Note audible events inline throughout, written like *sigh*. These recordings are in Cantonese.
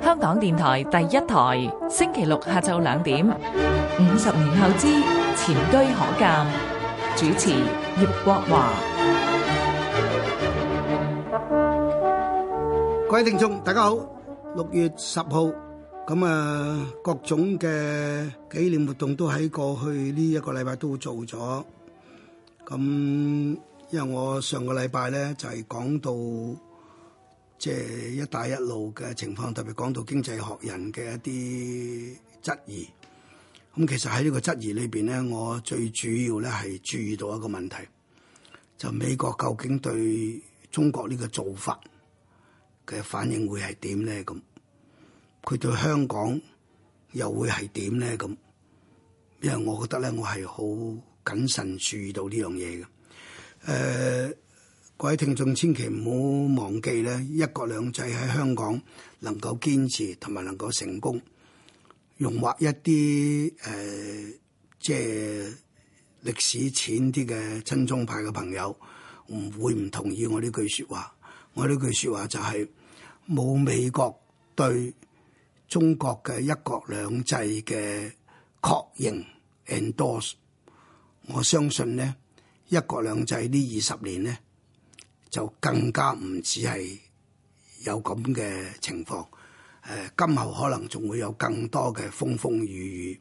香港電台第一台，星期六下晝兩點。五十年後之前車可鑑，主持葉國華。各位聽眾，大家好。六月十號，咁啊，各種嘅紀念活動都喺過去呢一個禮拜都做咗，咁。因為我上個禮拜咧就係講到即係一帶一路嘅情況，特別講到經濟學人嘅一啲質疑。咁其實喺呢個質疑裏邊咧，我最主要咧係注意到一個問題，就美國究竟對中國呢個做法嘅反應會係點咧？咁佢對香港又會係點咧？咁因為我覺得咧，我係好謹慎注意到呢樣嘢嘅。誒、呃，各位聽眾千祈唔好忘記咧，一國兩制喺香港能夠堅持同埋能夠成功，容或一啲誒、呃，即係歷史淺啲嘅親中派嘅朋友，唔會唔同意我呢句說話。我呢句說話就係、是、冇美國對中國嘅一國兩制嘅確認，endorse，我相信咧，一國兩制呢二十年呢，就更加唔止係有咁嘅情況。誒、呃，今後可能仲會有更多嘅風風雨雨。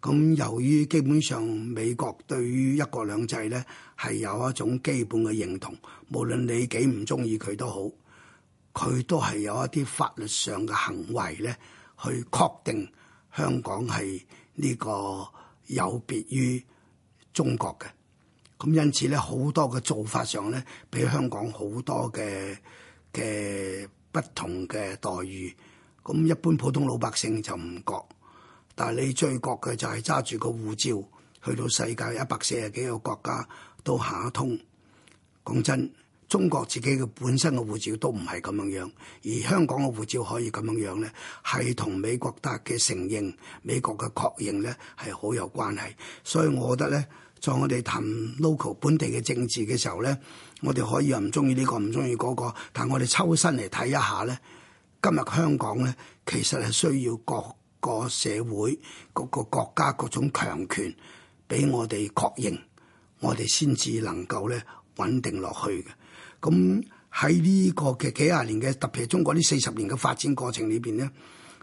咁由於基本上美國對於一國兩制呢，係有一種基本嘅認同，無論你幾唔中意佢都好，佢都係有一啲法律上嘅行為呢，去確定香港係呢個有別於中國嘅。咁因此咧，好多嘅做法上咧，比香港好多嘅嘅不同嘅待遇。咁一般普通老百姓就唔覺。但係你最覺嘅就係揸住個護照去到世界一百四十幾個國家都行得通。講真，中國自己嘅本身嘅護照都唔係咁樣樣，而香港嘅護照可以咁樣樣咧，係同美國特嘅承認、美國嘅確認咧，係好有關係。所以我覺得咧。在我哋談 local 本地嘅政治嘅時候咧，我哋可以又唔中意呢個唔中意嗰個，但係我哋抽身嚟睇一下咧，今日香港咧其實係需要各個社會、各個國家各種強權俾我哋確認，我哋先至能夠咧穩定落去嘅。咁喺呢個嘅幾廿年嘅，特別係中國呢四十年嘅發展過程裏邊咧，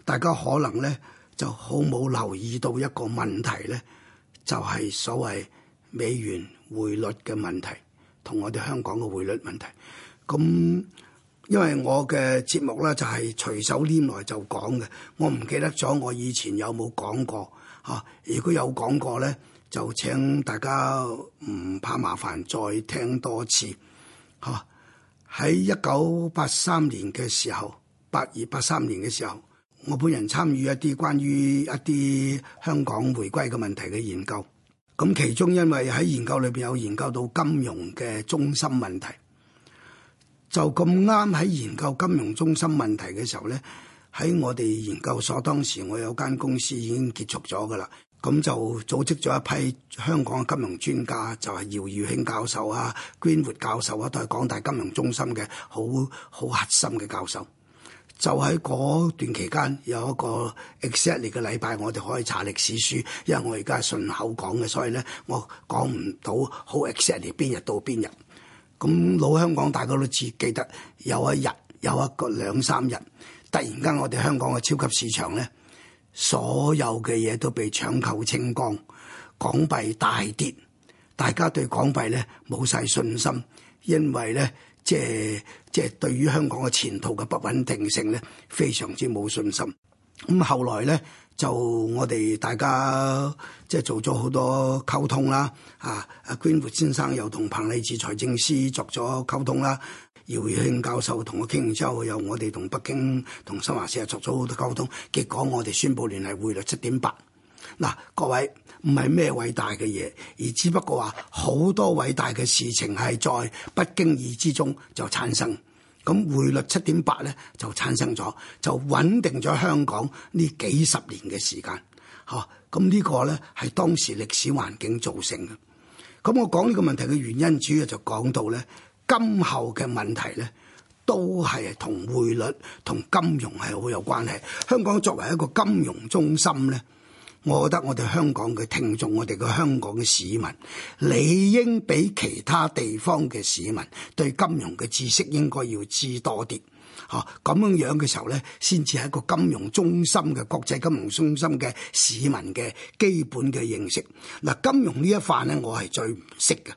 大家可能咧就好冇留意到一個問題咧，就係所謂美元匯率嘅問題同我哋香港嘅匯率問題，咁因為我嘅節目咧就係隨手拈來就講嘅，我唔記得咗我以前有冇講過嚇，啊，如果有講過咧，就請大家唔怕麻煩再聽多次嚇。喺一九八三年嘅時候，八二八三年嘅時候，我本人參與一啲關於一啲香港回歸嘅問題嘅研究。咁其中，因為喺研究裏邊有研究到金融嘅中心問題，就咁啱喺研究金融中心問題嘅時候咧，喺我哋研究所當時我有間公司已經結束咗噶啦，咁就組織咗一批香港嘅金融專家，就係、是、饒餘慶教授啊、Greenwood 教授啊，都係港大金融中心嘅好好核心嘅教授。就喺嗰段期間有一個 exactly 嘅禮拜，我哋可以查歷史書，因為我而家係順口講嘅，所以咧我講唔到好 exactly 邊日到邊日。咁老香港大家都只記得有一日有一個兩三日，突然間我哋香港嘅超級市場咧，所有嘅嘢都被搶購清光，港幣大跌，大家對港幣咧冇晒信心，因為咧即係。即係對於香港嘅前途嘅不穩定性咧，非常之冇信心。咁、嗯、後來咧，就我哋大家即係做咗好多溝通啦，啊，Greenwood 先生又同彭勵治財政司作咗溝通啦，饒餘慶教授同我傾完之後，又我哋同北京、同新華社作咗好多溝通。結果我哋宣布聯繫匯率七點八。嗱、啊，各位。唔係咩偉大嘅嘢，而只不過話好多偉大嘅事情係在不經意之中就產生。咁匯率七點八咧就產生咗，就穩定咗香港呢幾十年嘅時間。嚇、啊，咁呢個咧係當時歷史環境造成嘅。咁我講呢個問題嘅原因，主要就講到咧，今後嘅問題咧都係同匯率同金融係好有關係。香港作為一個金融中心咧。我覺得我哋香港嘅聽眾，我哋嘅香港嘅市民，理應比其他地方嘅市民對金融嘅知識應該要知多啲，嚇咁樣樣嘅時候咧，先至係一個金融中心嘅國際金融中心嘅市民嘅基本嘅認識。嗱，金融呢一範咧，我係最唔識嘅，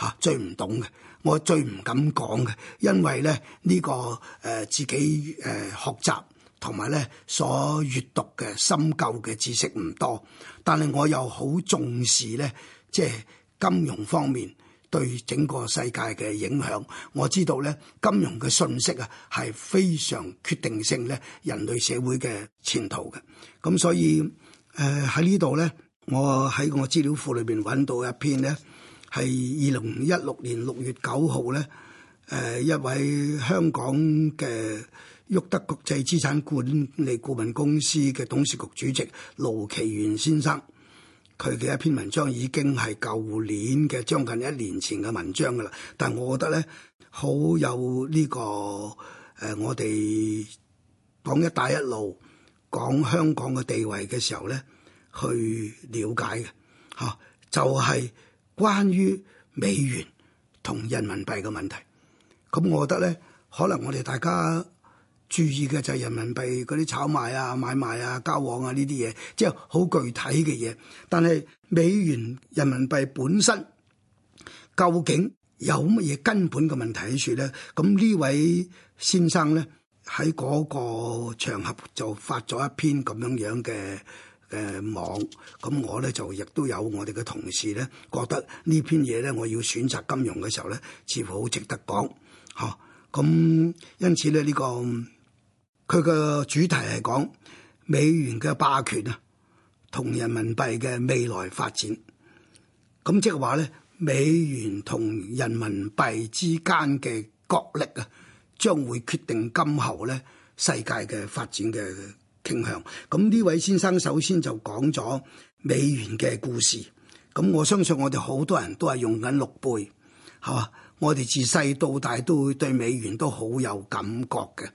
嚇最唔懂嘅，我最唔敢講嘅，因為咧呢、這個誒、呃、自己誒、呃、學習。同埋咧，所閲讀嘅深究嘅知識唔多，但係我又好重視咧，即係金融方面對整個世界嘅影響。我知道咧，金融嘅信息啊係非常決定性咧人類社會嘅前途嘅。咁所以誒喺呢度咧，我喺我資料庫裏邊揾到一篇咧，係二零一六年六月九號咧，誒一位香港嘅。沃德國際資產管理顧問公司嘅董事局主席盧奇源先生，佢嘅一篇文章已經係舊年嘅，將近一年前嘅文章噶啦。但係，我覺得咧好有呢、這個誒、呃，我哋講一帶一路、講香港嘅地位嘅時候咧，去了解嘅吓、啊，就係、是、關於美元同人民幣嘅問題。咁、嗯，我覺得咧，可能我哋大家。注意嘅就係人民幣嗰啲炒賣啊、買賣啊、交往啊呢啲嘢，即係好具體嘅嘢。但係美元人民幣本身究竟有乜嘢根本嘅問題喺處咧？咁呢位先生咧喺嗰個場合就發咗一篇咁樣樣嘅呃網，咁我咧就亦都有我哋嘅同事咧覺得篇呢篇嘢咧，我要選擇金融嘅時候咧，似乎好值得講吓。咁因此咧，呢、呢個。佢個主題係講美元嘅霸權啊，同人民幣嘅未來發展。咁即係話咧，美元同人民幣之間嘅角力啊，將會決定今後咧世界嘅發展嘅傾向。咁呢位先生首先就講咗美元嘅故事。咁我相信我哋好多人都係用緊綠背，係嘛？我哋自細到大都會對美元都好有感覺嘅。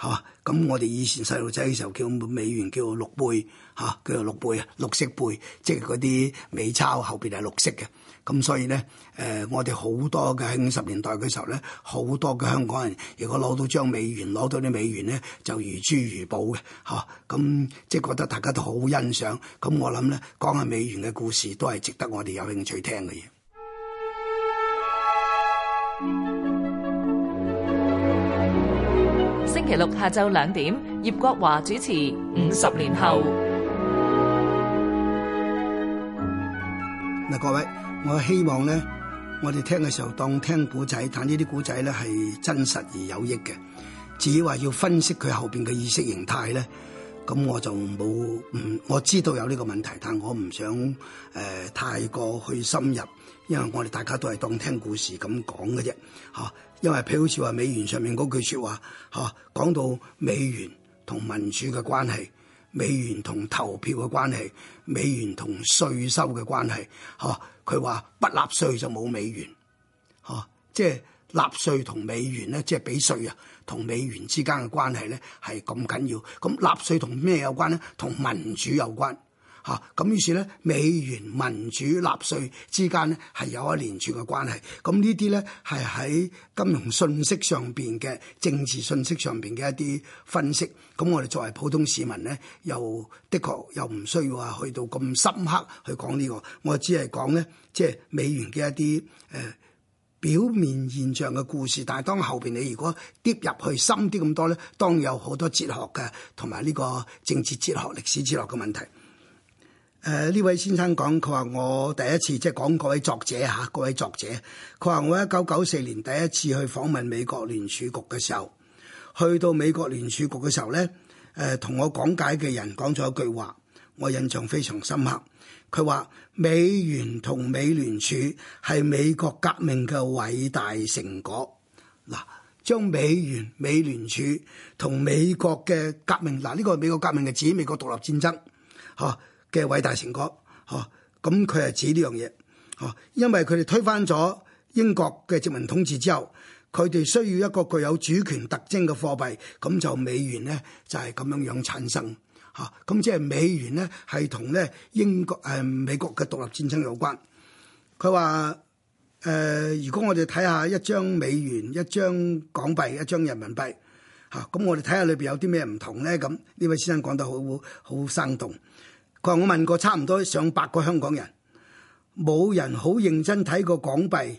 嚇！咁、 *music* 啊、我哋以前細路仔嘅時候叫美元叫綠背嚇、啊，叫做綠背啊，綠色背，即係嗰啲美鈔後邊係綠色嘅。咁所以咧，誒、呃、我哋好多嘅喺五十年代嘅時候咧，好多嘅香港人如果攞到張美元，攞到啲美元咧，就如珠如寶嘅嚇。咁、啊嗯、即係覺得大家都好欣賞。咁、啊、我諗咧，講下美元嘅故事都係值得我哋有興趣聽嘅嘢。 *music* 星期六下晝兩點，葉國華主持《五十年後》。嗱，各位，我希望咧，我哋聽嘅時候當聽古仔，但呢啲古仔咧係真實而有益嘅。至於話要分析佢後邊嘅意識形態咧。咁我就冇唔我知道有呢個問題，但我唔想誒、呃、太過去深入，因為我哋大家都係當聽故事咁講嘅啫，嚇、啊。因為譬如好似話美元上面嗰句説話，嚇、啊、講到美元同民主嘅關係，美元同投票嘅關係，美元同稅收嘅關係，嚇，佢話不納稅就冇美元，嚇、啊、即係納稅同美元咧，即係俾稅啊！同美元之間嘅關係咧係咁緊要，咁納稅同咩有關咧？同民主有關嚇，咁、啊、於是咧，美元民主納稅之間咧係有一連串嘅關係。咁、啊、呢啲咧係喺金融信息上邊嘅政治信息上邊嘅一啲分析。咁、啊、我哋作為普通市民咧，又的確又唔需要話去到咁深刻去講呢、這個。我只係講咧，即係美元嘅一啲誒。呃表面現象嘅故事，但係當後邊你如果跌入去深啲咁多咧，當有好多哲學嘅同埋呢個政治哲學、歷史哲學嘅問題。誒、呃、呢位先生講，佢話我第一次即係講各位作者嚇，啊、各位作者，佢話我一九九四年第一次去訪問美國聯儲局嘅時候，去到美國聯儲局嘅時候咧，誒、呃、同我講解嘅人講咗一句話，我印象非常深刻。佢話美元同美聯儲係美國革命嘅偉大成果。嗱，將美元、美聯儲同美國嘅革命，嗱呢、呢個係美國革命嘅指美國獨立戰爭嚇嘅偉大成果嚇。咁佢係指呢樣嘢嚇，因為佢哋推翻咗英國嘅殖民統治之後，佢哋需要一個具有主權特徵嘅貨幣，咁就美元咧就係咁樣樣產生。嚇，咁、啊、即係美元咧，係同咧英國誒、呃、美國嘅獨立戰爭有關。佢話誒，如果我哋睇下一張美元、一張港幣、一張人民幣嚇，咁、啊、我哋睇下裏邊有啲咩唔同咧。咁呢位先生講得好好生動。佢話我問過差唔多上百個香港人，冇人好認真睇過港幣，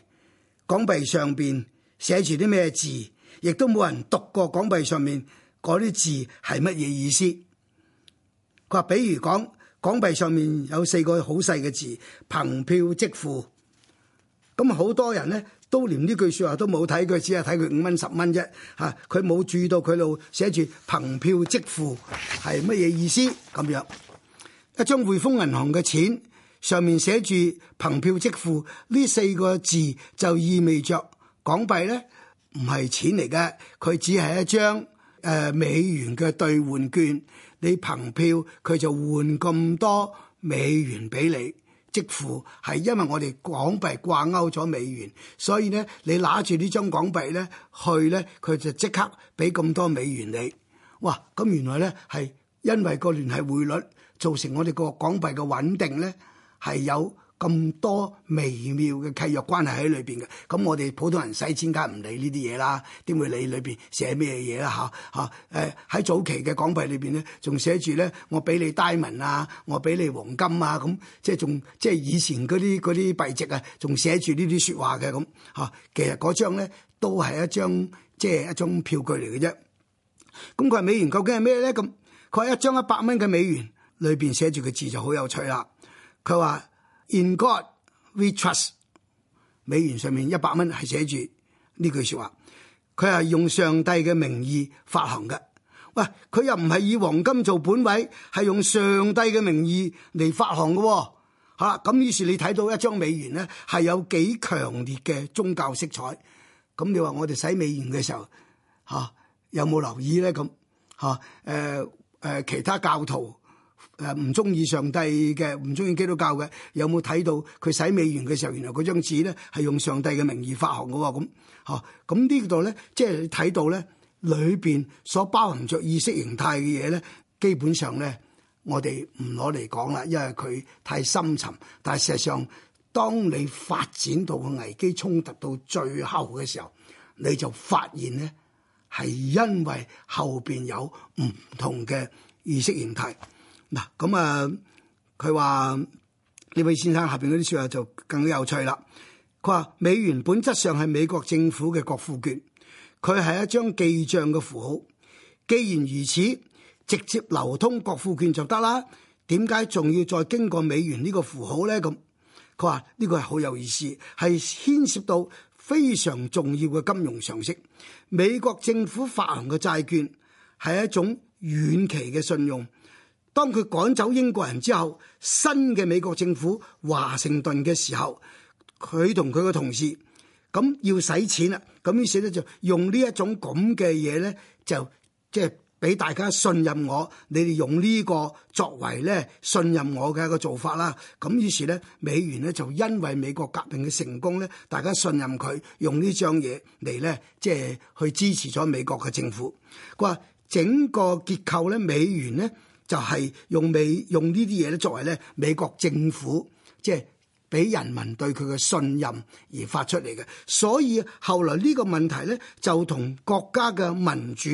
港幣上邊寫住啲咩字，亦都冇人讀過港幣上面嗰啲字係乜嘢意思。佢話，比如講，港幣上面有四個好細嘅字，憑票即付。咁好多人咧，都連呢句説話都冇睇佢，只係睇佢五蚊十蚊啫。嚇，佢、啊、冇注意到佢度寫住憑票即付係乜嘢意思咁樣。一張匯豐銀行嘅錢上面寫住憑票即付呢四個字，就意味著港幣咧唔係錢嚟嘅，佢只係一張。誒美元嘅兌換券，你憑票佢就換咁多美元俾你，即乎係因為我哋港幣掛鈎咗美元，所以咧你拿住呢張港幣咧去咧，佢就即刻俾咁多美元你。哇！咁原來咧係因為個聯繫匯率造成我哋個港幣嘅穩定咧係有。咁多微妙嘅契約關係喺裏邊嘅，咁我哋普通人使錢梗唔理呢啲嘢啦，點會理裏邊寫咩嘢啦嚇嚇？誒、啊、喺早期嘅港幣裏邊咧，仲寫住咧，我俾你鈔文啊，我俾你黃金啊，咁、啊、即係仲即係以前嗰啲啲幣值啊，仲寫住呢啲説話嘅咁嚇。其實嗰張咧都係一張即係、就是、一張票據嚟嘅啫。咁佢係美元究竟係咩咧？咁佢係一張一百蚊嘅美元，裏邊寫住嘅字就好有趣啦。佢話。In God we trust。美元上面一百蚊係寫住呢句説話，佢係用上帝嘅名義發行嘅。喂，佢又唔係以黃金做本位，係用上帝嘅名義嚟發行嘅，哦。吓、啊，咁於是你睇到一張美元咧，係有幾強烈嘅宗教色彩。咁、啊嗯、你話我哋使美元嘅時候，吓、啊、有冇留意咧？咁、啊、吓，誒、呃、誒、呃，其他教徒。誒唔中意上帝嘅，唔中意基督教嘅，有冇睇到佢洗美元嘅時候，原來嗰張紙咧係用上帝嘅名義發行㗎喎？咁嚇，咁呢度咧，即係睇到咧裏邊所包含著意識形態嘅嘢咧，基本上咧我哋唔攞嚟講啦，因為佢太深沉。但係事實上，當你發展到個危機衝突到最後嘅時候，你就發現咧係因為後邊有唔同嘅意識形態。嗱，咁啊、嗯，佢話呢位先生下邊嗰啲說話就更加有趣啦。佢話美元本質上係美國政府嘅國庫券，佢係一張記賬嘅符號，既然如此，直接流通國庫券就得啦。點解仲要再經過美元呢個符號咧？咁佢話呢個係好有意思，係牽涉到非常重要嘅金融常識，美國政府發行嘅債券係一種遠期嘅信用。當佢趕走英國人之後，新嘅美國政府華盛頓嘅時候，佢同佢嘅同事咁要使錢啦，咁於是咧就用呢一種咁嘅嘢咧，就即係俾大家信任我，你哋用呢個作為咧信任我嘅一個做法啦。咁於是咧美元咧就因為美國革命嘅成功咧，大家信任佢用呢張嘢嚟咧，即係去支持咗美國嘅政府。佢話整個結構咧，美元咧。就係用美用呢啲嘢咧，作為咧美國政府即係俾人民對佢嘅信任而發出嚟嘅，所以後來呢個問題咧就同國家嘅民主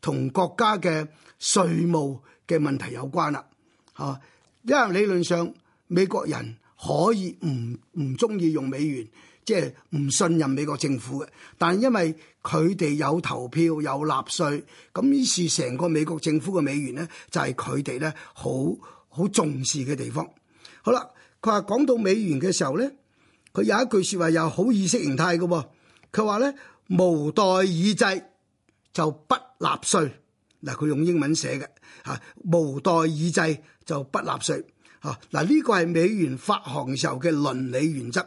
同國家嘅稅務嘅問題有關啦，嚇、啊，因為理論上美國人可以唔唔中意用美元，即係唔信任美國政府嘅，但係因為佢哋有投票有納稅，咁於是成個美國政府嘅美元咧，就係佢哋咧好好重視嘅地方。好啦，佢話講到美元嘅時候咧，佢有一句説話又好意識形態嘅喎，佢話咧無代議制就不納稅。嗱，佢用英文寫嘅嚇，無代議制就不納稅。嚇嗱，呢個係美元發行時候嘅倫理原則。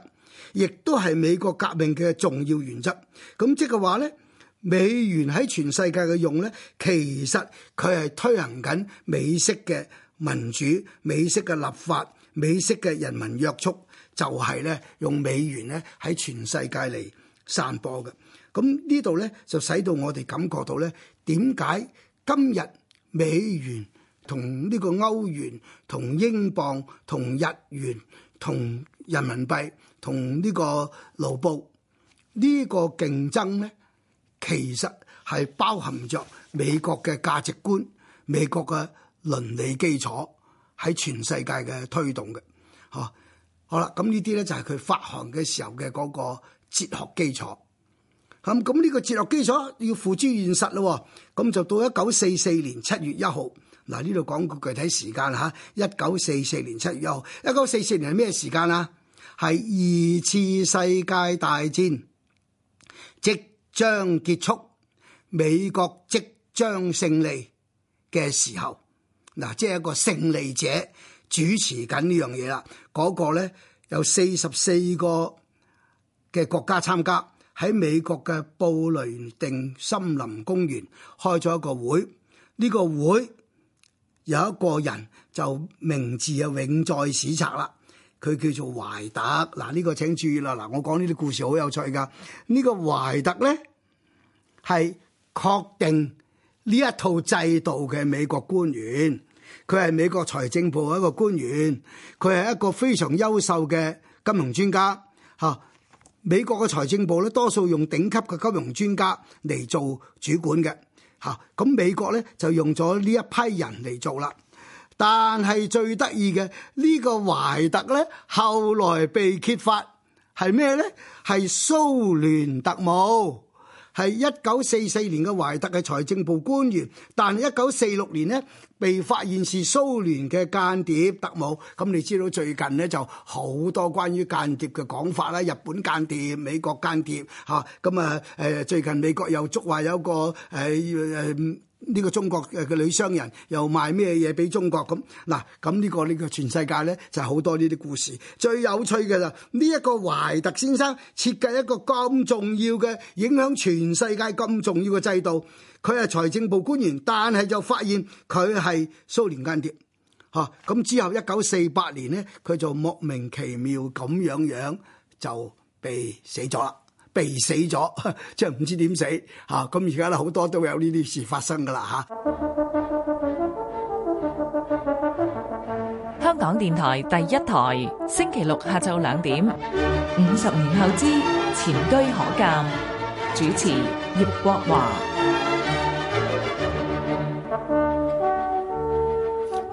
亦都係美國革命嘅重要原則，咁即係嘅話咧，美元喺全世界嘅用咧，其實佢係推行緊美式嘅民主、美式嘅立法、美式嘅人民約束，就係、是、咧用美元咧喺全世界嚟散播嘅。咁呢度咧就使到我哋感覺到咧，點解今日美元同呢個歐元、同英鎊、同日元、同人民幣，同呢個盧布呢、呢個競爭咧，其實係包含著美國嘅價值觀、美國嘅倫理基礎喺全世界嘅推動嘅，嚇好啦。咁呢啲咧就係佢發行嘅時候嘅嗰個哲學基礎。咁咁呢個哲學基礎要付諸現實咯。咁就到、啊、一九四四年七月一號，嗱，呢度講個具體時間嚇，一九四四年七月一號，一九四四年係咩時間啊？係二次世界大戰即將結束，美國即將勝利嘅時候，嗱，即係一個勝利者主持緊呢樣嘢啦。嗰個咧有四十四個嘅國家參加，喺美國嘅布雷定森林公園開咗一個會。呢個會有一個人就名字啊永在史冊啦。佢叫做懷特，嗱、呢、呢個請注意啦，嗱我講呢啲故事好有趣噶。呢、呢個懷特咧係確定呢一套制度嘅美國官員，佢係美國財政部一個官員，佢係一個非常優秀嘅金融專家，吓美國嘅財政部咧多數用頂級嘅金融專家嚟做主管嘅，吓咁美國咧就用咗呢一批人嚟做啦。但係最得意嘅呢個懷特呢，後來被揭發係咩呢？係蘇聯特務，係一九四四年嘅懷特嘅財政部官員。但係一九四六年呢，被發現是蘇聯嘅間諜特務。咁你知道最近呢就好多關於間諜嘅講法啦，日本間諜、美國間諜嚇。咁啊誒，最近美國又捉話有個誒誒。呢個中國嘅女商人又賣咩嘢俾中國咁嗱？咁呢個呢個全世界呢就好多呢啲故事。最有趣嘅就呢一個懷特先生設計一個咁重要嘅、影響全世界咁重要嘅制度，佢係財政部官員，但係就發現佢係蘇聯間諜。嚇、啊！咁之後一九四八年呢，佢就莫名其妙咁樣樣就被死咗啦。被死咗，即係唔知點死，吓咁而家咧好多都有呢啲事發生噶啦，吓。香港電台第一台，星期六下晝兩點，五十年後之前車可鑑，主持葉國華。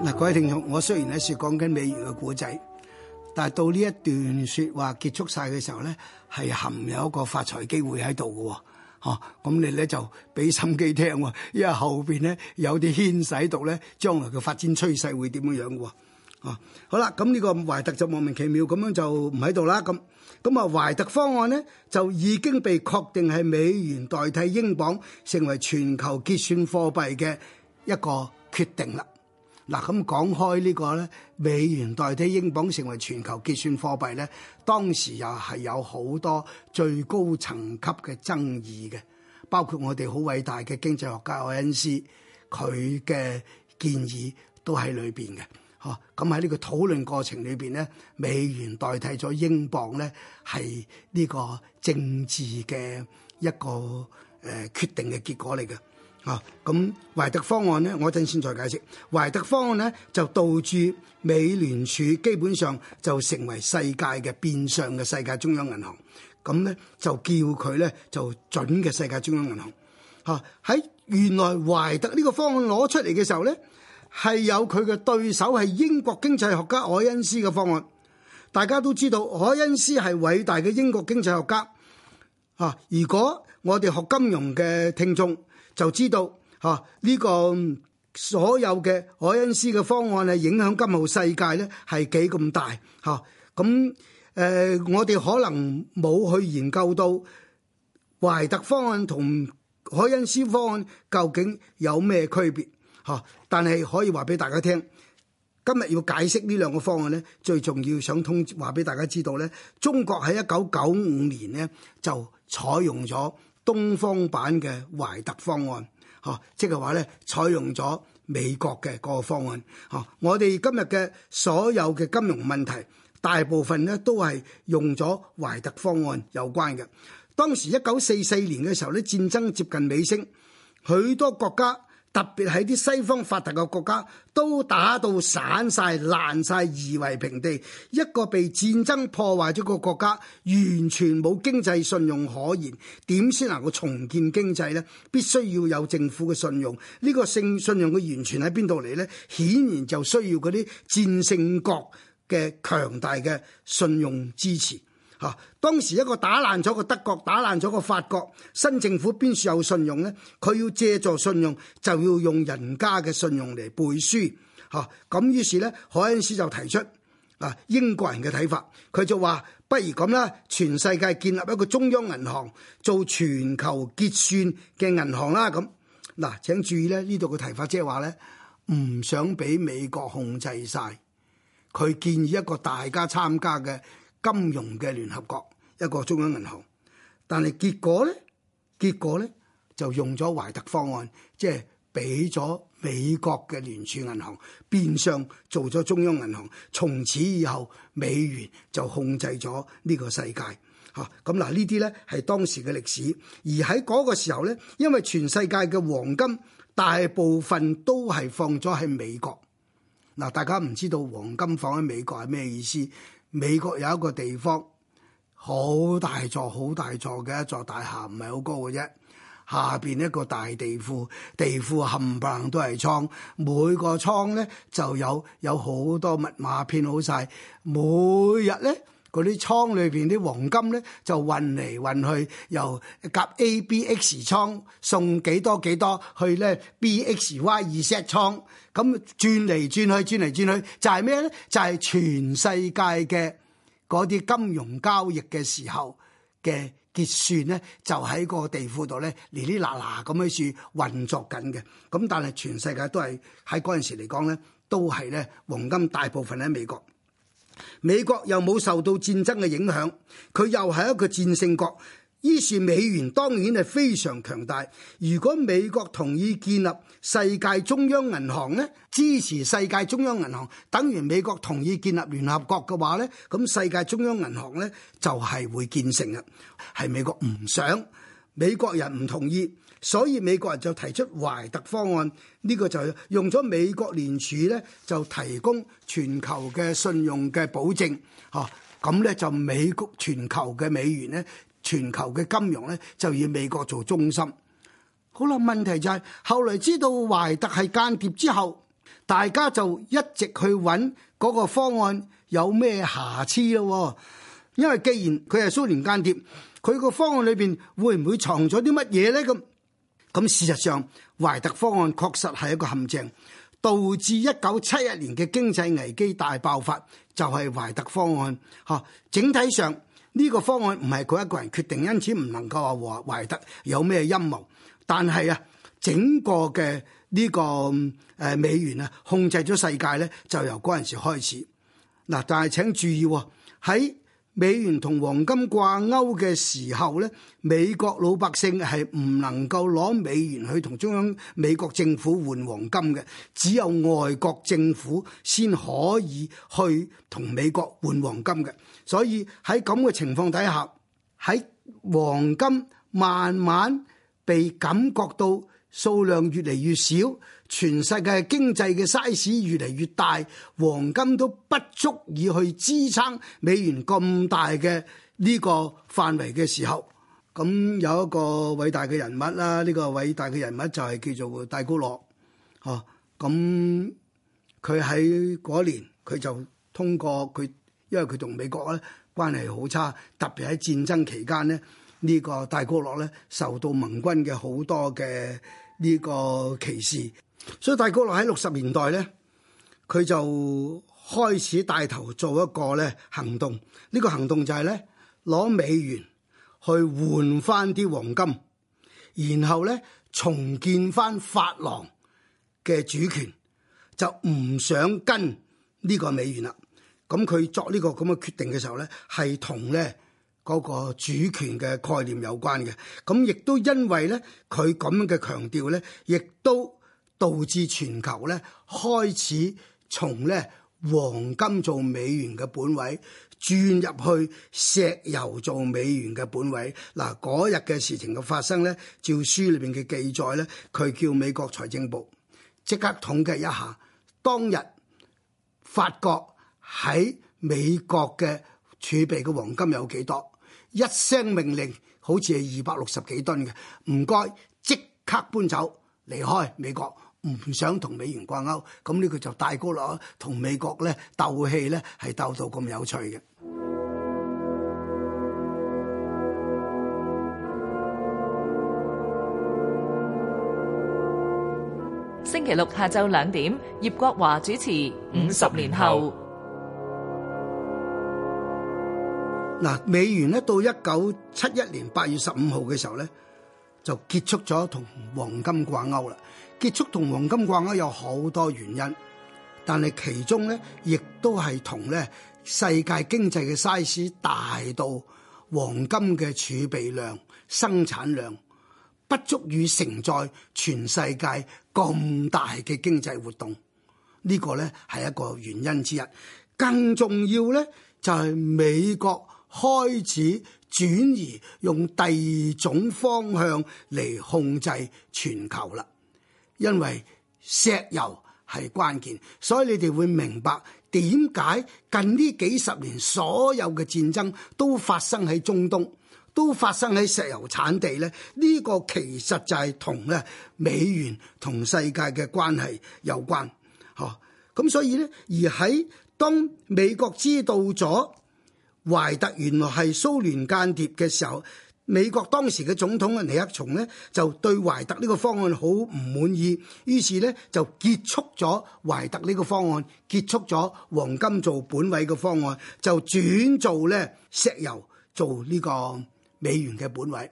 嗱，各位聽眾，我雖然喺說講緊美元嘅古仔。但係到呢一段説話結束晒嘅時候咧，係含有一個發財機會喺度嘅喎，嚇！咁你咧就俾心機聽喎，因為後邊咧有啲牽使度咧將來嘅發展趨勢會點樣樣嘅喎，啊！好啦，咁呢個懷特就莫名其妙咁樣就唔喺度啦，咁咁啊，懷特方案咧就已經被確定係美元代替英鎊成為全球結算貨幣嘅一個決定啦。嗱咁講開呢個咧，美元代替英鎊成為全球結算貨幣咧，當時又係有好多最高層級嘅爭議嘅，包括我哋好偉大嘅經濟學家愛恩斯，佢嘅建議都喺裏邊嘅。嗬，咁喺呢個討論過程裏邊咧，美元代替咗英鎊咧，係呢個政治嘅一個誒決定嘅結果嚟嘅。啊！咁懷特方案呢，我等先再解釋。懷特方案呢，就導致美聯儲基本上就成為世界嘅變相嘅世界中央銀行。咁呢，就叫佢呢，就準嘅世界中央銀行。嚇、啊、喺原來懷特呢個方案攞出嚟嘅時候呢，係有佢嘅對手係英國經濟學家凱恩斯嘅方案。大家都知道凱恩斯係偉大嘅英國經濟學家。嚇、啊！如果我哋學金融嘅聽眾，就知道嚇呢、啊，這個所有嘅凱恩斯嘅方案咧，影響今後世界咧，係幾咁大嚇。咁、啊、誒、呃，我哋可能冇去研究到懷特方案同凱恩斯方案究竟有咩區別嚇、啊。但係可以話俾大家聽，今日要解釋呢兩個方案咧，最重要想通話俾大家知道咧，中國喺一九九五年咧就採用咗。東方版嘅懷特方案，嚇，即係話咧，採用咗美國嘅嗰個方案，嚇。我哋今日嘅所有嘅金融問題，大部分咧都係用咗懷特方案有關嘅。當時一九四四年嘅時候咧，戰爭接近尾聲，許多國家，特別喺啲西方發達嘅國家，都打到散晒爛晒，夷為平地。一個被戰爭破壞咗嘅國家，完全冇經濟信用可言。點先能夠重建經濟呢？必須要有政府嘅信用。呢個信用嘅完全喺邊度嚟呢？顯然就需要嗰啲戰勝國嘅強大嘅信用支持。啊！當時一個打爛咗個德國，打爛咗個法國，新政府邊處有信用呢？佢要借助信用，就要用人家嘅信用嚟背書。嚇、啊！咁於是咧，凱恩斯就提出啊英國人嘅睇法，佢就話：不如咁啦，全世界建立一個中央銀行，做全球結算嘅銀行啦。咁、啊、嗱、啊，請注意咧，呢度嘅提法即係話咧，唔想俾美國控制晒。佢建議一個大家參加嘅。金融嘅聯合國一個中央銀行，但係結果呢，結果呢，就用咗懷特方案，即係俾咗美國嘅聯儲銀行，變相做咗中央銀行。從此以後，美元就控制咗呢個世界。嚇，咁，嗱，呢啲呢係當時嘅歷史。而喺嗰個時候呢，因為全世界嘅黃金大部分都係放咗喺美國。嗱，大家唔知道黃金放喺美國係咩意思？美國有一個地方，好大座好大座嘅一座大廈，唔係好高嘅啫，下邊一個大地庫，地庫冚唪都係倉，每個倉咧就有有好多密碼編好晒，每日咧。嗰啲倉裏邊啲黃金咧，就運嚟運去，由夾 A B X 倉送幾多幾多去咧 B X Y Z 倉，咁轉嚟轉去，轉嚟轉去，就係咩咧？就係、是、全世界嘅嗰啲金融交易嘅時候嘅結算咧，就喺個地庫度咧，連哩嗱嗱咁樣住運作緊嘅。咁但係全世界都係喺嗰陣時嚟講咧，都係咧黃金大部分喺美國。美國又冇受到戰爭嘅影響，佢又係一個戰勝國，於是美元當然係非常強大。如果美國同意建立世界中央銀行呢，支持世界中央銀行，等於美國同意建立聯合國嘅話呢，咁世界中央銀行呢就係會建成嘅，係美國唔想。美國人唔同意，所以美國人就提出懷特方案，呢個就用咗美國聯儲咧，就提供全球嘅信用嘅保證嚇。咁咧就美國全球嘅美元咧，全球嘅金融咧就以美國做中心。好啦，問題就係後來知道懷特係間諜之後，大家就一直去揾嗰個方案有咩瑕疵咯。因為既然佢係蘇聯間諜，佢個方案裏邊會唔會藏咗啲乜嘢咧？咁咁事實上，懷特方案確實係一個陷阱，導致一九七一年嘅經濟危機大爆發就係、是、懷特方案。吓、啊，整體上呢、這個方案唔係佢一個人決定，因此唔能夠話懷特有咩陰謀。但係啊，整個嘅呢、這個誒、呃、美元啊控制咗世界咧，就由嗰陣時開始。嗱、啊，但係請注意喎、啊，喺美元同黃金掛勾嘅時候咧，美國老百姓係唔能夠攞美元去同中央美國政府換黃金嘅，只有外國政府先可以去同美國換黃金嘅。所以喺咁嘅情況底下，喺黃金慢慢被感覺到數量越嚟越少。全世界經濟嘅 size 越嚟越大，黃金都不足以去支撐美元咁大嘅呢個範圍嘅時候，咁有一個偉大嘅人物啦，呢個偉大嘅人物就係叫做戴高樂，嚇，咁佢喺嗰年佢就通過佢，因為佢同美國咧關係好差，特別喺戰爭期間呢，呢個戴高樂咧受到盟軍嘅好多嘅呢個歧視。所以戴高樂喺六十年代咧，佢就開始帶頭做一個咧行動。呢、呢個行動就係咧攞美元去換翻啲黃金，然後咧重建翻法郎嘅主權，就唔想跟呢個美元啦。咁佢作呢個咁嘅決定嘅時候咧，係同咧嗰個主權嘅概念有關嘅。咁亦都因為咧佢咁嘅強調咧，亦都。導致全球咧開始從咧黃金做美元嘅本位轉入去石油做美元嘅本位。嗱，嗰日嘅事情嘅發生咧，照書裏邊嘅記載咧，佢叫美國財政部即刻統計一下，當日法國喺美國嘅儲備嘅黃金有幾多？一聲命令，好似係二百六十幾噸嘅，唔該即刻搬走離開美國。唔想同美元掛鈎，咁呢個就戴高樂同美國咧鬥氣咧，係鬥到咁有趣嘅。星期六下晝兩點，葉國華主持《五十年後》。嗱，美元咧到一九七一年八月十五號嘅時候咧，就結束咗同黃金掛鈎啦。結束同黃金掛鈎有好多原因，但係其中咧，亦都係同咧世界經濟嘅 size 大到黃金嘅儲備量生產量不足以承載全世界咁大嘅經濟活動，這個、呢個咧係一個原因之一。更重要咧就係、是、美國開始轉移用第二種方向嚟控制全球啦。因為石油係關鍵，所以你哋會明白點解近呢幾十年所有嘅戰爭都發生喺中東，都發生喺石油產地咧。呢、呢個其實就係同咧美元同世界嘅關係有關，嚇。咁所以呢，而喺當美國知道咗懷特原來係蘇聯間諜嘅時候。美國當時嘅總統啊，尼克松呢就對懷特呢個方案好唔滿意，於是呢就結束咗懷特呢個方案，結束咗黃金做本位嘅方案，就轉做呢石油做呢個美元嘅本位。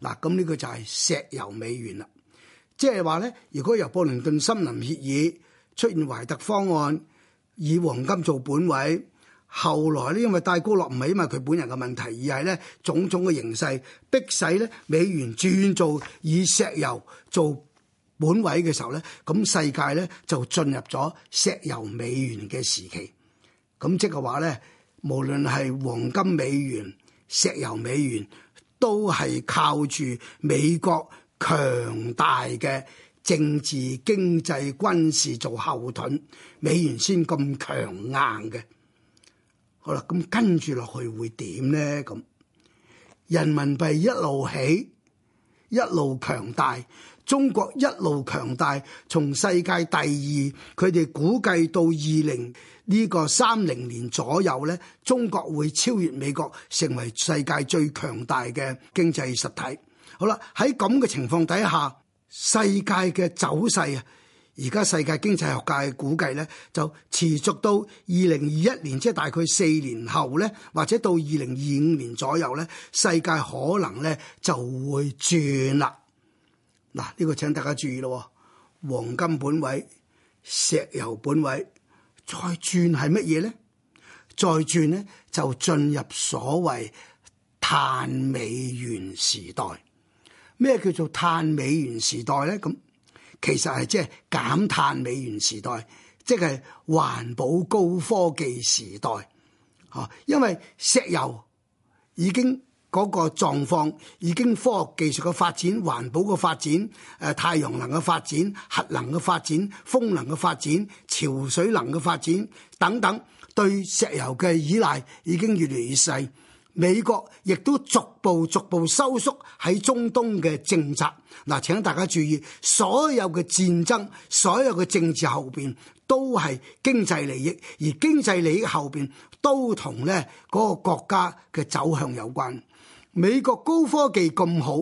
嗱，咁呢個就係石油美元啦。即係話呢，如果由布林頓森林協議出現懷特方案，以黃金做本位。後來咧，因為戴高樂唔係因為佢本人嘅問題，而係咧種種嘅形勢逼使咧美元轉做以石油做本位嘅時候咧，咁世界咧就進入咗石油美元嘅時期。咁即係話咧，無論係黃金美元、石油美元，都係靠住美國強大嘅政治、經濟、軍事做後盾，美元先咁強硬嘅。好啦，咁跟住落去會點呢？咁人民幣一路起，一路強大，中國一路強大，從世界第二，佢哋估計到二零呢個三零年左右咧，中國會超越美國，成為世界最強大嘅經濟實體。好啦，喺咁嘅情況底下，世界嘅走勢啊！而家世界經濟學界估計咧，就持續到二零二一年，即係大概四年後咧，或者到二零二五年左右咧，世界可能咧就會轉啦。嗱，呢個請大家注意咯。黃金本位、石油本位再轉係乜嘢咧？再轉咧就進入所謂碳美元時代。咩叫做碳美元時代咧？咁？其實係即係減碳美元時代，即係環保高科技時代吓。因為石油已經嗰個狀況，已經科學技術嘅發展、環保嘅發展、誒太陽能嘅發展、核能嘅發展、風能嘅發展、潮水能嘅發展等等，對石油嘅依賴已經越嚟越細。美國亦都逐步逐步收縮喺中東嘅政策。嗱，請大家注意，所有嘅戰爭，所有嘅政治後邊都係經濟利益，而經濟利益後邊都同咧個國家嘅走向有關，美國高科技咁好，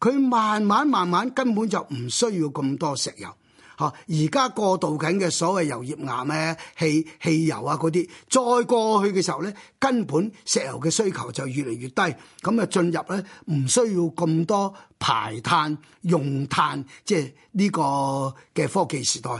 佢慢慢慢慢根本就唔需要咁多石油。嚇！而家過渡緊嘅所謂油頁岩咧、氣汽油啊嗰啲，再過去嘅時候咧，根本石油嘅需求就越嚟越低，咁啊進入咧唔需要咁多排碳用碳，即係呢個嘅科技時代。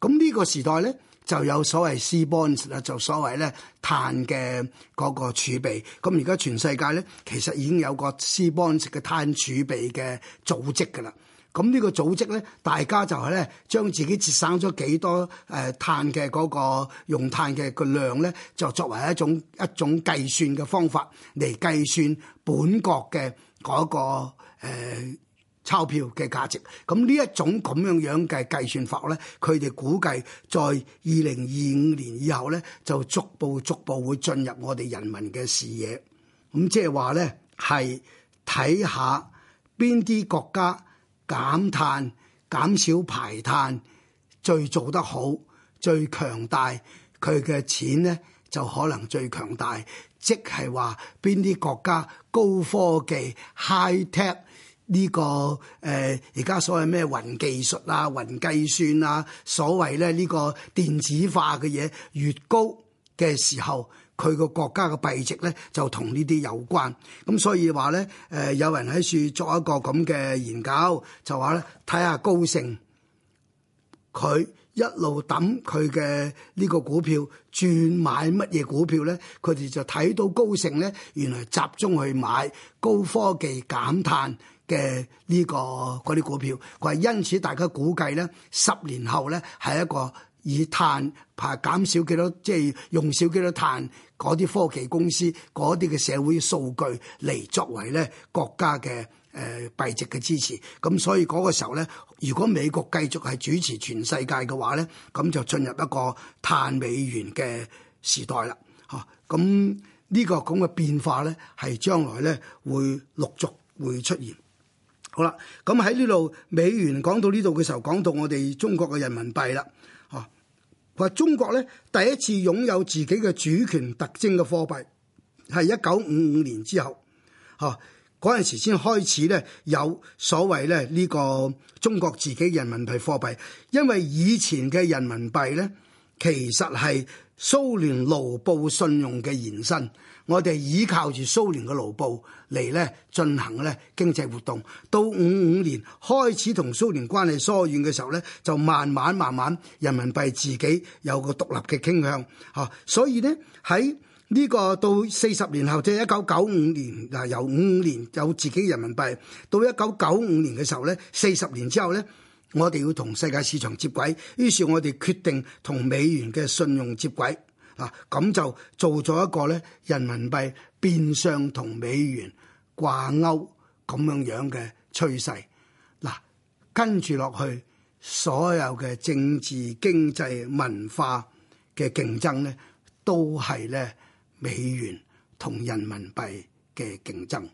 咁呢個時代咧就有所謂 C bonds 啊，就所謂咧碳嘅嗰個儲備。咁而家全世界咧其實已經有個 C bonds 嘅碳儲備嘅組織㗎啦。咁呢個組織咧，大家就係咧，將自己節省咗幾多誒碳嘅嗰、那個用碳嘅個量咧，就作為一種一種計算嘅方法嚟計算本國嘅嗰、那個誒、呃、鈔票嘅價值。咁呢一種咁樣樣嘅計算法咧，佢哋估計在二零二五年以後咧，就逐步逐步會進入我哋人民嘅視野。咁即係話咧，係睇下邊啲國家。減碳、減少排碳最做得好、最強大，佢嘅錢咧就可能最強大。即係話邊啲國家高科技、high tech 呢個誒而家所謂咩雲技術啊、雲計算啊，所謂咧呢個電子化嘅嘢越高嘅時候。佢個國家嘅幣值咧，就同呢啲有關。咁所以話咧，誒、呃、有人喺處作一個咁嘅研究，就話咧睇下高盛佢一路抌佢嘅呢個股票轉買乜嘢股票咧？佢哋就睇到高盛咧，原來集中去買高科技減碳嘅呢個嗰啲股票。佢係因此大家估計咧，十年後咧係一個以碳排減少幾多，即係用少幾多碳。嗰啲科技公司，嗰啲嘅社會數據嚟作為咧國家嘅誒、呃、幣值嘅支持，咁所以嗰個時候咧，如果美國繼續係主持全世界嘅話咧，咁就進入一個碳美元嘅時代啦，吓，咁呢、這個咁嘅變化咧，係將來咧會陸續會出現。好啦，咁喺呢度美元講到呢度嘅時候，講到我哋中國嘅人民幣啦。話中國咧第一次擁有自己嘅主權特徵嘅貨幣，係一九五五年之後，嚇，嗰陣時先開始咧有所謂咧呢個中國自己人民幣貨幣，因為以前嘅人民幣咧。其實係蘇聯盧布信用嘅延伸，我哋依靠住蘇聯嘅盧布嚟咧進行咧經濟活動。到五五年開始同蘇聯關係疏遠嘅時候咧，就慢慢慢慢人民幣自己有個獨立嘅傾向嚇。所以咧喺呢個到四十年後，即係一九九五年嗱，由五五年有自己人民幣到一九九五年嘅時候咧，四十年之後咧。我哋要同世界市場接軌，於是，我哋決定同美元嘅信用接軌，啊，咁就做咗一個咧人民幣變相同美元掛鈎咁樣樣嘅趨勢。嗱、啊，跟住落去，所有嘅政治、經濟、文化嘅競爭咧，都係咧美元同人民幣嘅競爭，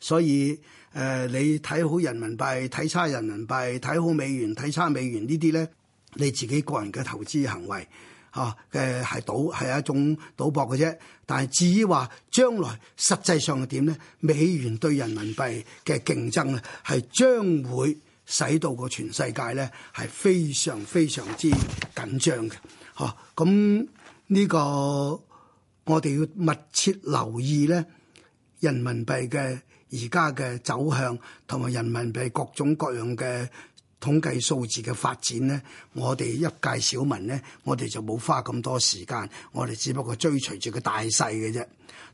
所以。誒，你睇好人民幣，睇差人民幣，睇好美元，睇差美元呢啲咧，你自己個人嘅投資行為，嚇，誒，係賭，係一種賭博嘅啫。但係至於話將來實際上係點咧？美元對人民幣嘅競爭啊，係將會使到個全世界咧係非常非常之緊張嘅。嚇，咁呢個我哋要密切留意咧，人民幣嘅。而家嘅走向同埋人民幣各種各樣嘅統計數字嘅發展呢，我哋一介小民呢，我哋就冇花咁多時間，我哋只不過追隨住個大勢嘅啫。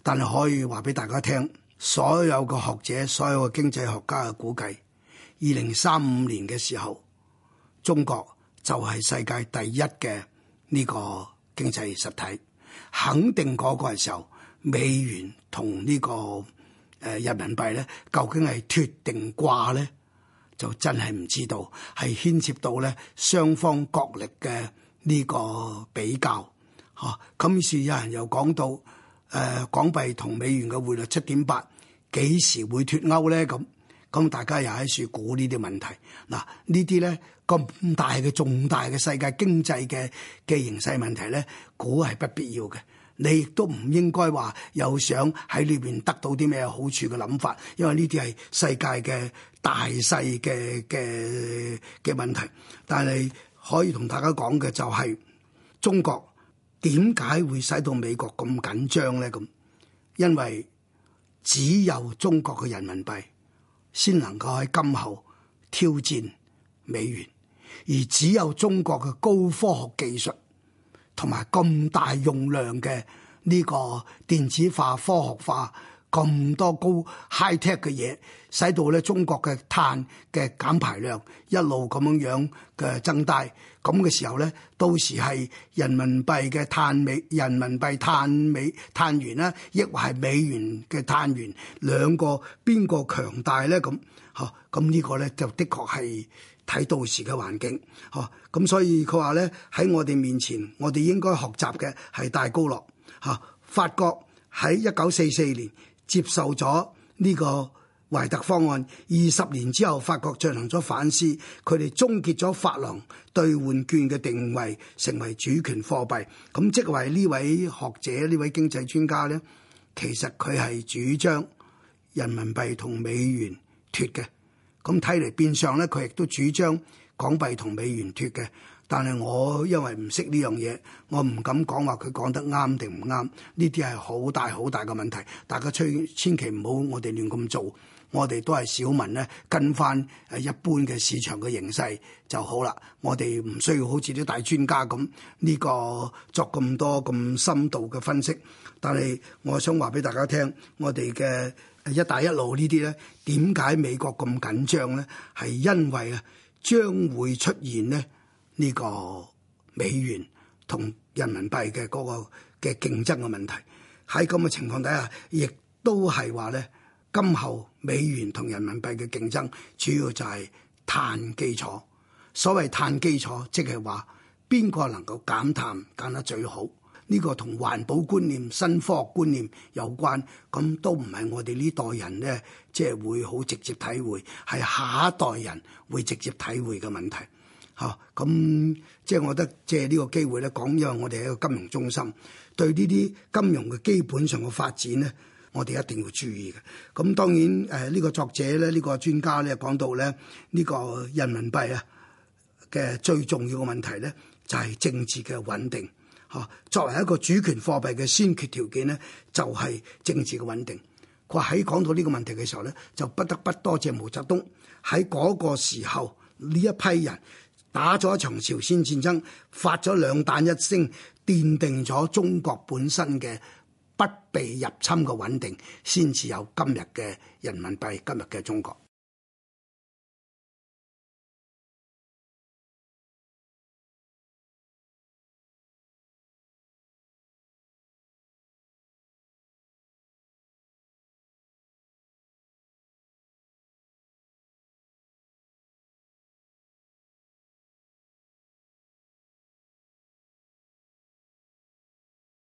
但係可以話俾大家聽，所有嘅學者、所有嘅經濟學家嘅估計，二零三五年嘅時候，中國就係世界第一嘅呢個經濟實體，肯定嗰個時候，美元同呢個。誒人民幣咧，究竟係脫定掛咧，就真係唔知道，係牽涉到咧雙方角力嘅呢個比較吓。今、啊、次有人又講到誒、呃、港幣同美元嘅匯率七點八，幾時會脫歐咧？咁咁大家又喺處估呢啲問題。嗱，呢啲咧咁大嘅重大嘅世界經濟嘅嘅形勢問題咧，估係不必要嘅。你亦都唔應該話有想喺裏邊得到啲咩好處嘅諗法，因為呢啲係世界嘅大細嘅嘅嘅問題。但係可以同大家講嘅就係中國點解會使到美國咁緊張咧？咁因為只有中國嘅人民幣先能夠喺今後挑戰美元，而只有中國嘅高科學技術。同埋咁大用量嘅呢個電子化、科學化咁多高 high tech 嘅嘢，使到咧中國嘅碳嘅減排量一路咁樣樣嘅增大。咁嘅時候咧，到時係人民幣嘅碳美、人民幣碳美碳元咧，抑或係美元嘅碳元，兩個邊個強大咧？咁嚇咁呢個咧就的確係。睇到時嘅環境，吓，咁所以佢話咧，喺我哋面前，我哋應該學習嘅係戴高樂吓。法國喺一九四四年接受咗呢個懷特方案，二十年之後法國進行咗反思，佢哋終結咗法郎兌換券嘅定位，成為主權貨幣，咁即為呢位學者呢位經濟專家咧，其實，佢係主張人民幣同美元脱嘅。咁睇嚟，變相咧，佢亦都主張港幣同美元脫嘅。但係我因為唔識呢樣嘢，我唔敢講話佢講得啱定唔啱。呢啲係好大好大嘅問題，大家千千祈唔好我哋亂咁做。我哋都係小民咧，跟翻誒一般嘅市場嘅形勢就好啦。我哋唔需要好似啲大專家咁呢、呢個作咁多咁深度嘅分析。但係我想話俾大家聽，我哋嘅。一帶一路呢啲咧，點解美國咁緊張咧？係因為啊，將會出現咧呢個美元同人民幣嘅嗰個嘅競爭嘅問題，喺咁嘅情況底下，亦都係話咧，今後美元同人民幣嘅競爭主要就係碳基礎，所謂碳基礎即係話邊個能夠減碳減得最好。呢個同環保觀念、新科學觀念有關，咁都唔係我哋呢代人咧，即係會好直接體會，係下一代人會直接體會嘅問題。嚇，咁即係我覺得，借呢個機會咧講，因為我哋係一個金融中心，對呢啲金融嘅基本上嘅發展咧，我哋一定要注意嘅。咁當然誒，呢個作者咧，呢個專家咧講到咧，呢個人民幣啊嘅最重要嘅問題咧，就係政治嘅穩定。嚇，作為一個主權貨幣嘅先決條件呢就係、是、政治嘅穩定。佢喺講到呢個問題嘅時候呢，就不得不多謝毛澤東喺嗰個時候呢，一批人打咗一場朝鮮戰爭，發咗兩彈一星，奠定咗中國本身嘅不被入侵嘅穩定，先至有今日嘅人民幣，今日嘅中國。